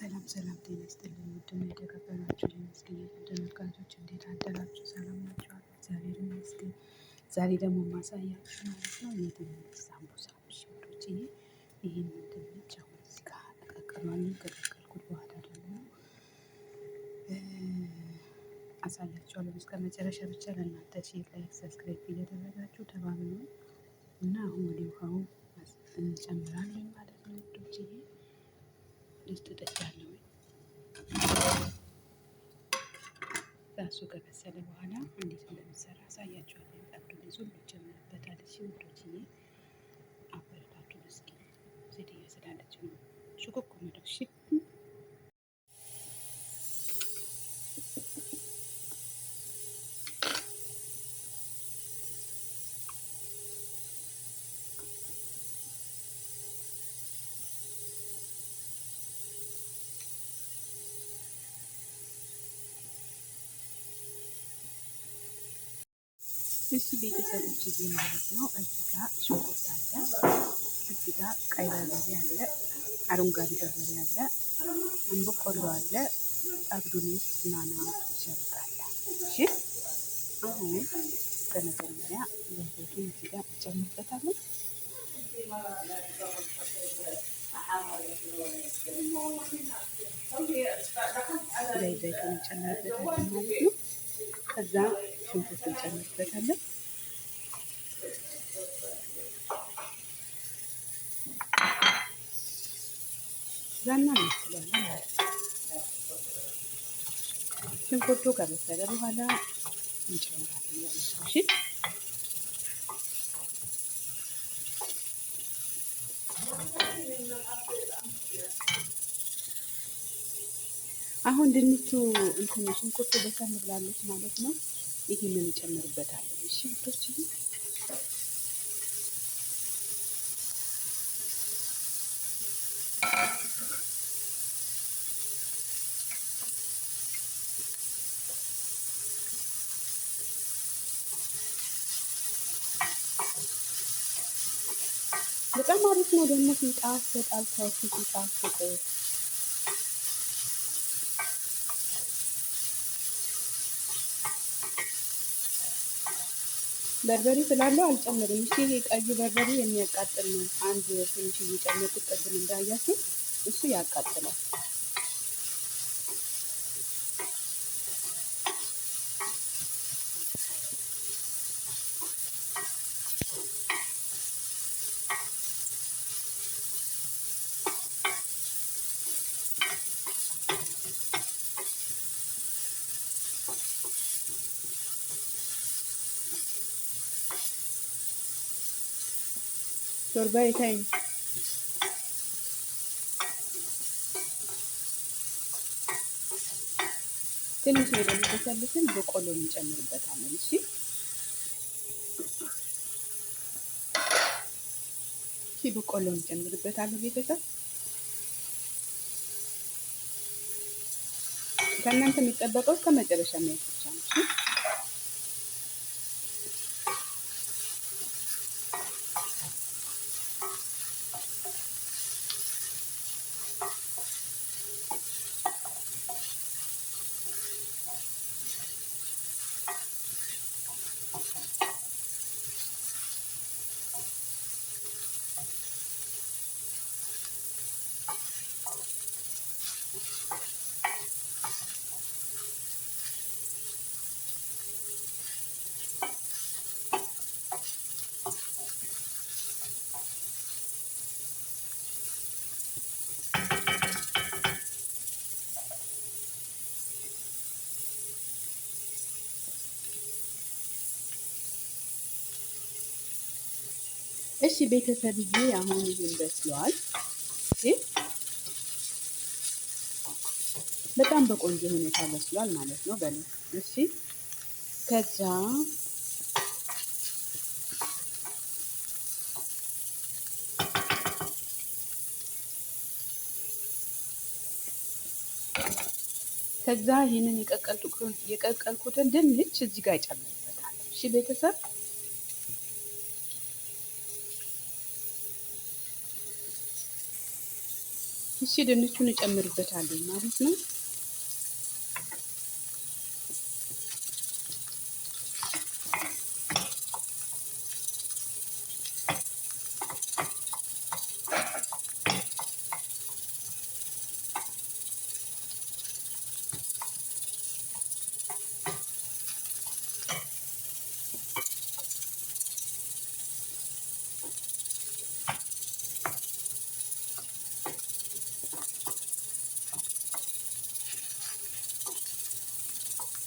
ሰላም ሰላም ጤና ይስጥልኝ ውድና የተከበራችሁ የመስገኛ ተመልካቾች እንዴት አደራችሁ? ሰላም ናችኋል? እግዚአብሔር ይመስገን። ዛሬ ደግሞ ማሳያችሁ ማለት ነው የድንች ሳምቡሳ ሽሮች። ይሄ ይህንን ድንች አሁን እዚህ ጋር ቀቀሏለሁ። ከቀቀልኩት በኋላ ደግሞ አሳያችኋለሁ። እስከ መጨረሻ ብቻ ለእናንተ ሼር፣ ላይክ፣ ሰብስክራይብ እያደረጋችሁ ተባብሎ እና አሁን ወደ ውሃው እንጨምራለን ማለት ነው ድስት እጠጫለሁ። ራሱ ከበሰለ በኋላ እንዴት እንደሚሰራ አሳያችኋለሁ። ጣዱ ብዙ ሲወዱ እሺ ቤተሰቦች ጊዜ ማለት ነው። እዚህ ጋ ሽንኩርት አለ፣ እዚህ ጋ ቀይ በርበሬ አለ፣ አረንጓዴ በርበሬ አለ፣ በቆሎ አለ፣ አብዱኒስ ናና ሸርጥ አለ። እሺ አሁን በመጀመሪያ ዘይቱን እዚህ ጋ እንጨምርበታለን። ዘይቱን እንጨምርበታለን ማለት ነው ከዛ ሽንኩርት እንጨምርበታለን። ዛና እናስላለን ሽንኩርቱ ከበሰለ በኋላ እንጨምራለን እሺ አሁን ድንቹ እንትን ሽንኩርቱ በሰል ብላለች ማለት ነው። ይህንን እጨምርበታለሁ። እሺ ውዶች፣ በጣም አሪፍ ነው ደግሞ ሲጣፍጥ አልታውስ ሲጣፍጥ በርበሬ ስላለው አልጨምርም። እሺ ይሄ ቀይ በርበሬ የሚያቃጥል ነው። አንድ ትንሽ እየጨመርኩት ቅድም እንዳያችሁ እሱ ያቃጥላል። ሾርባ የታይ ትንሽ ነው የደመሰልትን በቆሎ እንጨምርበታለን። እሺ እሺ፣ በቆሎ እንጨምርበታለን ቤተሰብ። ከእናንተ የሚጠበቀው እስከ መጨረሻ ማየት ብቻ ነው። እሺ ቤተሰብዬ አሁን ይህን በስለዋል። በጣም በቆንጆ ሁኔታ በስሏል ማለት ነው። በል እሺ። ከዛ ከዛ ይህንን የቀቀልኩትን ድንች እዚህ ጋር ይጨምርበታል። እሺ ቤተሰብ እሺ ድንቹን እጨምርበታለሁ ማለት ነው።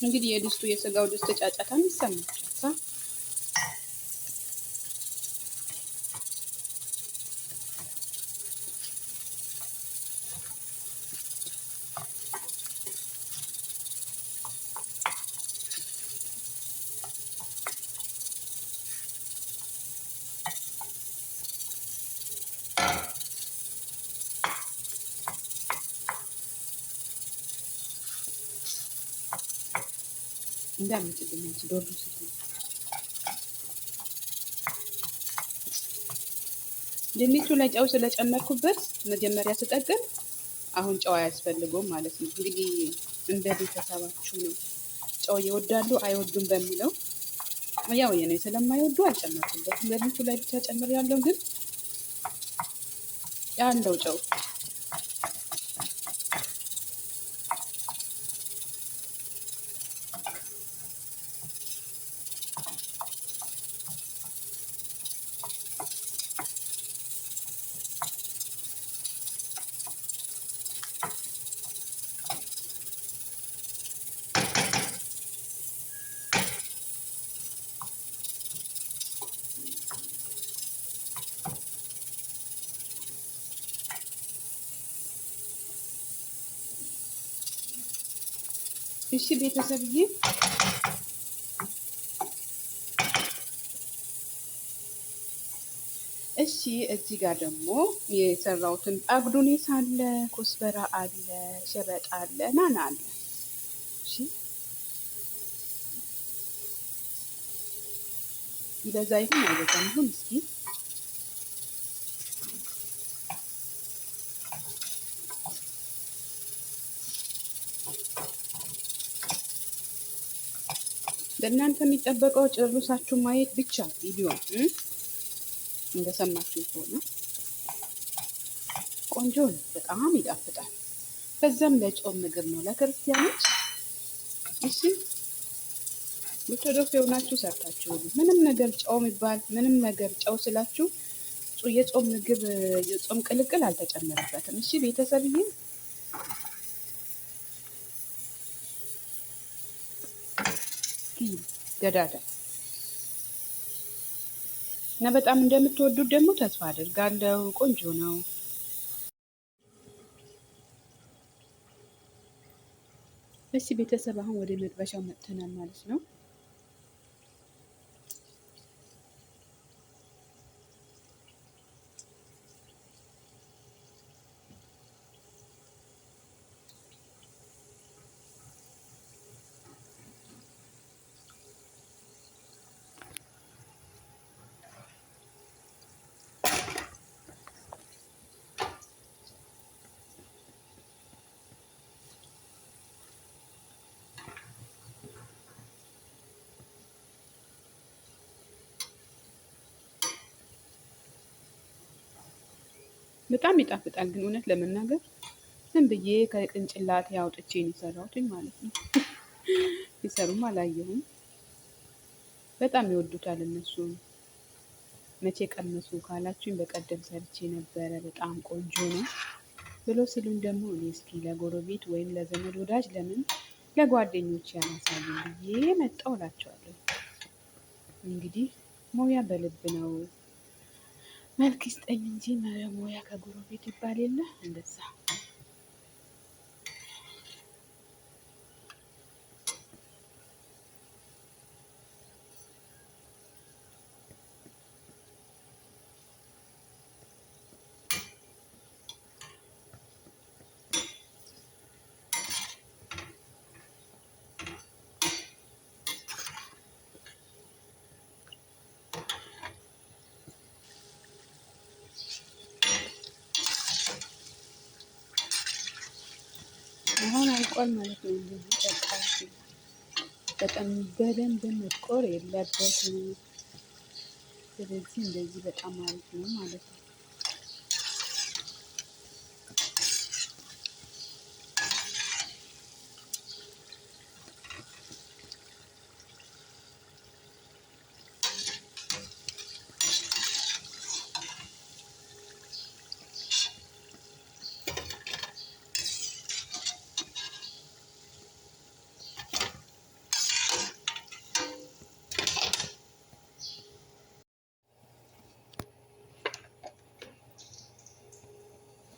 እንግዲህ የድስቱ የስጋው ድስት ጫጫታም ይሰማል። እንዳመጭልኝ አንቺ ዶርዱ ድንቹ ላይ ጨው ስለጨመርኩበት መጀመሪያ ስጠቅም አሁን ጨው አያስፈልገውም ማለት ነው። እንግዲህ እንደ ቤተሰባችሁ ነው ጨው ይወዳሉ አይወዱም በሚለው ያው የኔ ስለማይወዱ አልጨመርኩበትም። ድንቹ ላይ ብቻ ጨምር ያለው ግን ያለው ጨው እሺ ቤተሰብዬ እሺ እዚህ ጋር ደግሞ የሰራሁትን አግዱኔስ አለ፣ ኮስበራ አለ፣ ሸበጥ አለ፣ ናና አለ። እሺ ይበዛ ይሁን አይበዛም ይሁን እስኪ በእናንተ የሚጠበቀው ጨርሳችሁ ማየት ብቻ ቪዲዮ እንደሰማችሁ ከሆነ ቆንጆ ነው፣ በጣም ይጣፍጣል። በዛም ለጾም ምግብ ነው ለክርስቲያኖች። እሺ ኦርቶዶክስ የሆናችሁ ሰርታችሁ ምንም ነገር ጨው የሚባል ምንም ነገር ጨው ስላችሁ የጾም ምግብ የጾም ቅልቅል አልተጨመረበትም። እሺ ቤተሰብዬ ገዳዳ እና በጣም እንደምትወዱት ደግሞ ተስፋ አድርጋለሁ። ቆንጆ ነው። እሺ ቤተሰብ አሁን ወደ መጥበሻው መጥተናል ማለት ነው። በጣም ይጣፍጣል። ግን እውነት ለመናገር ዝም ብዬ ከቅንጭላቴ ያውጥቼ ነው የሰራሁትኝ ማለት ነው። ሲሰሩም አላየሁም። በጣም ይወዱታል እነሱ። መቼ ቀመሱ ካላችሁኝ በቀደም ሰርቼ ነበረ፣ በጣም ቆንጆ ነው ብሎ ሲሉኝ ደግሞ እኔ እስኪ ለጎረቤት ወይም ለዘመድ ወዳጅ ለምን ለጓደኞች ያላሳዩ ብዬ መጣሁ እላቸዋለሁ። እንግዲህ ሙያ በልብ ነው። መልክ ይስጠኝ እንጂ መሙያ ከጎረቤት ይባል የለ እንደዛ መጥቆር ማለት ነው። በጣም በደንብ መጥቆር የለበትም። ስለዚህ እንደዚህ በጣም አሪፍ ነው ማለት ነው።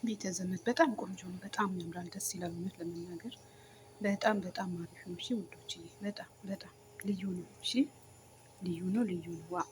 ቤተ ዘመድ በጣም ቆንጆ ነው። በጣም ያምራል፣ ደስ ይላል። እውነት ለመናገር በጣም በጣም አሪፍ ነው። እሺ ውዶች፣ በጣም በጣም ልዩ ነው። እሺ ልዩ ነው፣ ልዩ ነው። ዋ